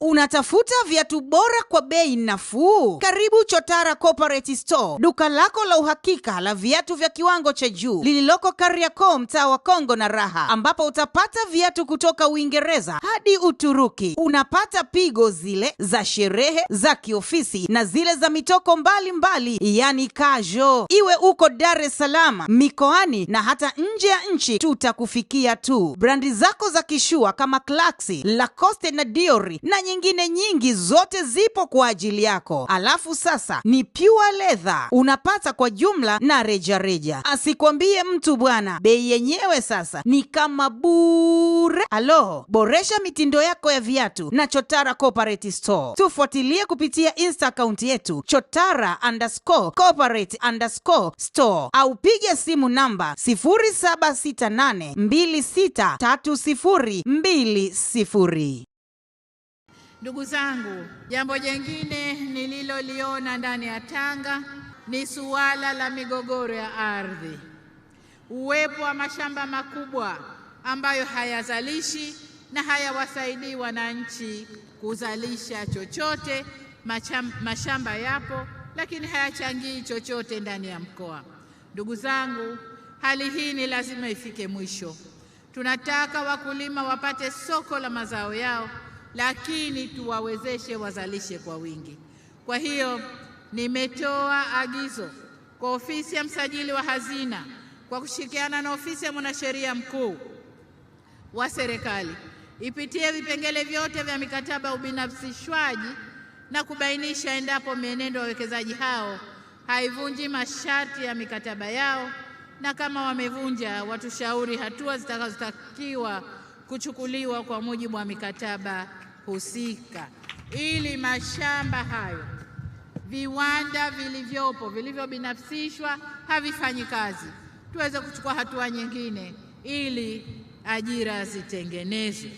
Unatafuta viatu bora kwa bei nafuu? Karibu Chotara Corporate Store, duka lako la uhakika la viatu vya kiwango cha juu lililoko Kariakoo, mtaa wa Kongo na Raha, ambapo utapata viatu kutoka Uingereza hadi Uturuki. Unapata pigo zile za sherehe, za kiofisi na zile za mitoko mbalimbali mbali, yani kajo. Iwe uko Dar es Salaam, mikoani na hata nje ya nchi, tutakufikia tu. Brandi zako za kishua kama Clarks, Lacoste na Diori na nyingine nyingi zote zipo kwa ajili yako. Alafu sasa ni pure leather unapata kwa jumla na rejareja, asikwambie mtu bwana. Bei yenyewe sasa ni kama bure. Alo, boresha mitindo yako ya viatu na Chotara Corporate Store. Tufuatilie kupitia insta akaunti yetu Chotara underscore corporate underscore store au piga simu namba 0768263020. Ndugu zangu, jambo jengine nililoliona ndani ya Tanga ni suala la migogoro ya ardhi. Uwepo wa mashamba makubwa ambayo hayazalishi na hayawasaidii wananchi kuzalisha chochote. Mashamba yapo lakini hayachangii chochote ndani ya mkoa. Ndugu zangu, hali hii ni lazima ifike mwisho. Tunataka wakulima wapate soko la mazao yao lakini tuwawezeshe wazalishe kwa wingi. Kwa hiyo nimetoa agizo kwa ofisi ya msajili wa hazina kwa kushirikiana na ofisi ya mwanasheria mkuu wa serikali ipitie vipengele vyote vya mikataba ya ubinafsishwaji na kubainisha endapo mienendo ya wawekezaji hao haivunji masharti ya mikataba yao, na kama wamevunja watushauri hatua zitakazotakiwa kuchukuliwa kwa mujibu wa mikataba husika, ili mashamba hayo, viwanda vilivyopo vilivyobinafsishwa havifanyi kazi, tuweze kuchukua hatua nyingine ili ajira zitengenezwe.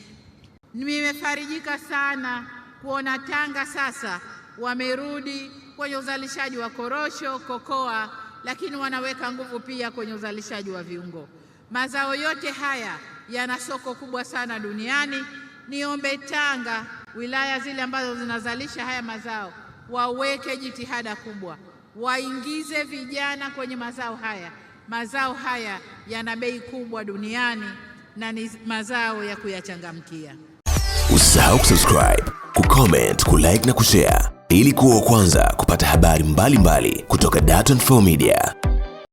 Nimefarijika sana kuona Tanga sasa wamerudi kwenye uzalishaji wa korosho, kokoa, lakini wanaweka nguvu pia kwenye uzalishaji wa viungo. Mazao yote haya yana soko kubwa sana duniani. Niombe Tanga, wilaya zile ambazo zinazalisha haya mazao waweke jitihada kubwa, waingize vijana kwenye mazao haya. Mazao haya yana bei kubwa duniani na ni mazao ya kuyachangamkia. Usisahau kusubscribe, kucomment, kulike na kushare ili kuwa wa kwanza kupata habari mbalimbali mbali kutoka Dar24 Media.